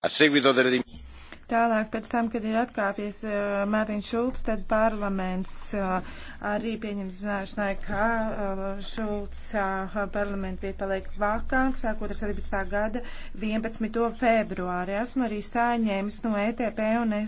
A seguito delle dimissioni. Tālāk, pēc tam, kad ir atkāpies uh, Mārtiņš Šulcs, tad parlaments uh, arī pieņem zināšanai, ka uh, Šulcs uh, parlamentu vieta paliek vakāns, sākot ar 17. gada 11. februāri. Esmu arī sāņēmis no ETP un es.